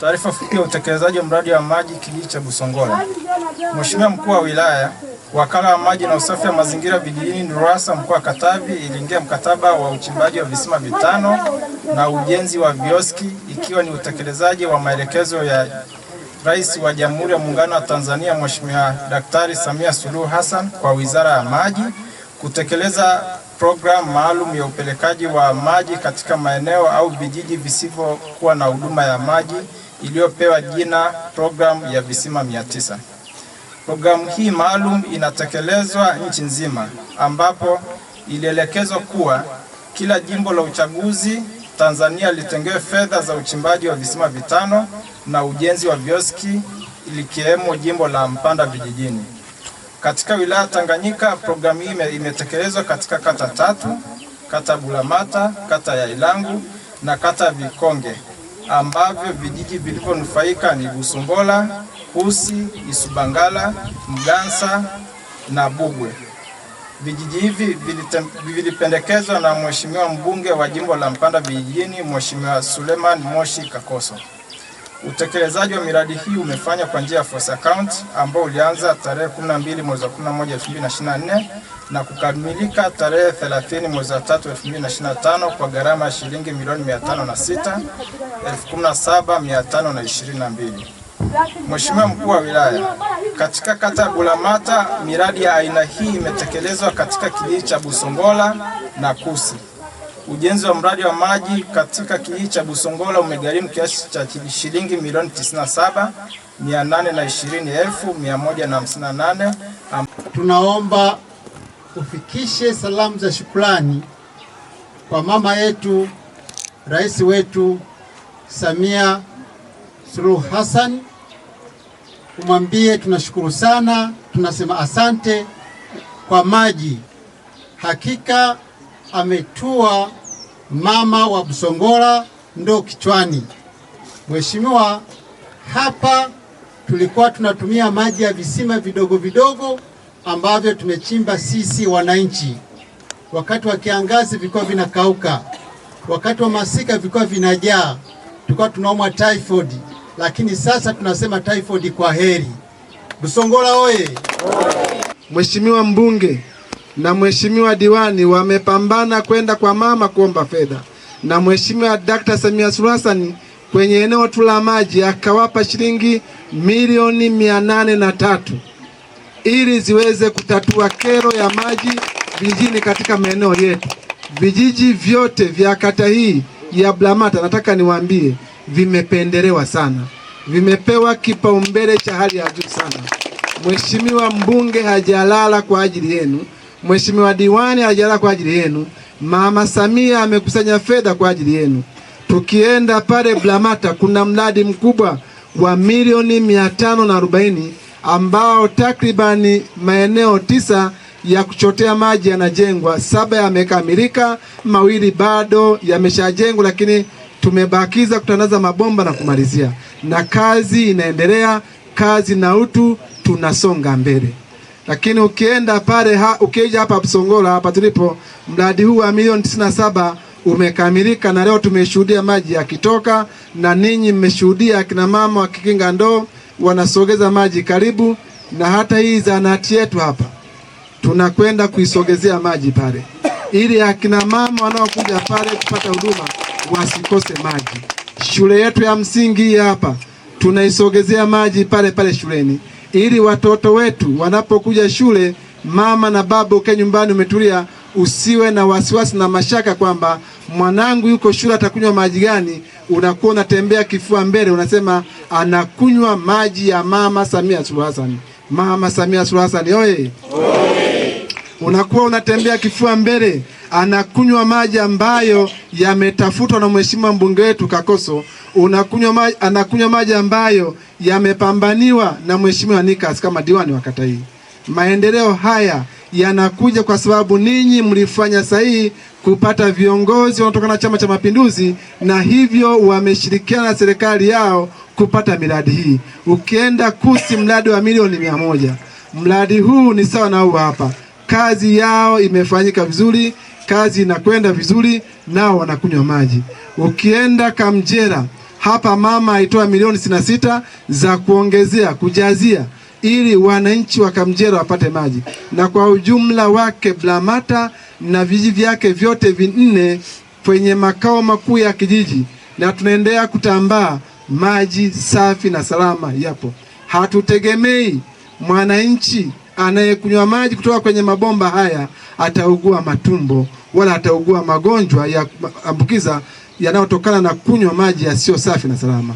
Taarifa fupi ya utekelezaji wa mradi wa maji kijiji cha Busongola. Mheshimiwa mkuu wa wilaya, wakala wa maji na usafi wa mazingira vijijini NURUWASA mkoa wa Katavi iliingia mkataba wa uchimbaji wa visima vitano na ujenzi wa vioski ikiwa ni utekelezaji wa maelekezo ya Rais wa Jamhuri ya Muungano wa Tanzania Mheshimiwa Daktari Samia Suluhu Hassan kwa Wizara ya Maji kutekeleza programu maalum ya upelekaji wa maji katika maeneo au vijiji visivyokuwa na huduma ya maji iliyopewa jina programu ya visima mia tisa. Programu hii maalum inatekelezwa nchi nzima, ambapo ilielekezwa kuwa kila jimbo la uchaguzi Tanzania litengewe fedha za uchimbaji wa visima vitano na ujenzi wa vioski likiwemo jimbo la Mpanda vijijini. Katika wilaya Tanganyika, programu hii imetekelezwa katika kata tatu: kata Bulamata, kata ya Ilangu na kata Vikonge ambavyo vijiji vilivyonufaika ni Busumbola, kusi Isubangala, Mgansa na Bugwe. Vijiji hivi vilipendekezwa na Mheshimiwa mbunge wa jimbo la Mpanda Vijijini, Mheshimiwa Suleiman Moshi Kakoso. Utekelezaji wa miradi hii umefanywa kwa njia ya force account ambao ulianza tarehe 12 mwezi wa 11 2024 na kukamilika tarehe 30 mwezi wa 3 2025 kwa gharama ya shilingi milioni 506 17522. Mheshimiwa Mkuu wa Wilaya, katika kata ya Bulamata miradi ya aina hii imetekelezwa katika kijiji cha Busongola na Kusi. Ujenzi wa mradi wa maji katika kijiji cha Busongola umegharimu kiasi cha shilingi milioni 97,820,158. Tunaomba ufikishe salamu za shukrani kwa mama yetu rais wetu Samia Suluhu Hassan, umwambie tunashukuru sana, tunasema asante kwa maji. Hakika ametua mama wa Busongola ndo kichwani. Mheshimiwa, hapa tulikuwa tunatumia maji ya visima vidogo vidogo ambavyo tumechimba sisi wananchi. Wakati wa kiangazi vilikuwa vinakauka, wakati wa masika vilikuwa vinajaa, tulikuwa tunaumwa typhoid, lakini sasa tunasema typhoid kwa heri. Busongola oye! Mheshimiwa mbunge na mheshimiwa diwani wamepambana kwenda kwa mama kuomba fedha, na mheshimiwa Dkt. Samia Suluhu Hassan kwenye eneo tu la maji akawapa shilingi milioni mia nane na tatu ili ziweze kutatua kero ya maji vijijini katika maeneo yetu. Vijiji vyote vya kata hii ya Blamata, nataka niwaambie, vimependelewa sana, vimepewa kipaumbele cha hali ya juu sana. Mheshimiwa mbunge hajalala kwa ajili yenu, Mheshimiwa diwani hajalala kwa ajili yenu. Mama Samia amekusanya fedha kwa ajili yenu. Tukienda pale Blamata kuna mradi mkubwa wa milioni mia tano na arobaini ambao takribani maeneo tisa ya kuchotea maji yanajengwa, saba yamekamilika, mawili bado yameshajengwa, lakini tumebakiza kutandaza mabomba na kumalizia, na kazi inaendelea, kazi na utu, tunasonga mbele. Lakini ukienda pale ha, ukija hapa Busongola hapa tulipo, mradi huu wa milioni tisini na saba umekamilika, na leo tumeshuhudia maji yakitoka, na ninyi mmeshuhudia akina mama wakikinga ndoo wanasogeza maji karibu, na hata hii zahanati yetu hapa tunakwenda kuisogezea maji pale, ili akina mama wanaokuja pale kupata huduma wasikose maji. Shule yetu ya msingi hapa tunaisogezea maji pale pale shuleni, ili watoto wetu wanapokuja shule, mama na baba uke nyumbani umetulia usiwe na wasiwasi na mashaka kwamba mwanangu yuko shule atakunywa maji gani. Unakuwa unatembea kifua mbele, unasema anakunywa maji ya Mama Samia Suluhu Hassan. Mama Samia Suluhu Hassan oye! Unakuwa unatembea kifua mbele, anakunywa maji ambayo yametafutwa na mheshimiwa mbunge wetu Kakoso. Unakunywa maji, anakunywa maji ambayo yamepambaniwa na mheshimiwa Nikas kama diwani wa kata hii. Maendeleo haya yanakuja kwa sababu ninyi mlifanya sahihi kupata viongozi wanaotokana na Chama cha Mapinduzi, na hivyo wameshirikiana na serikali yao kupata miradi hii. Ukienda KUSI mradi wa milioni mia moja, mradi huu ni sawa na huu hapa. Kazi yao imefanyika vizuri, kazi inakwenda vizuri, nao wanakunywa maji. Ukienda Kamjera hapa, mama aitoa milioni sitini na sita za kuongezea kujazia ili wananchi wa kamjera wapate maji, na kwa ujumla wake Blamata na vijiji vyake vyote vinne kwenye makao makuu ya kijiji, na tunaendelea kutambaa maji safi na salama yapo. Hatutegemei mwananchi anayekunywa maji kutoka kwenye mabomba haya ataugua matumbo wala ataugua magonjwa ya ambukiza yanayotokana na kunywa maji yasiyo safi na salama.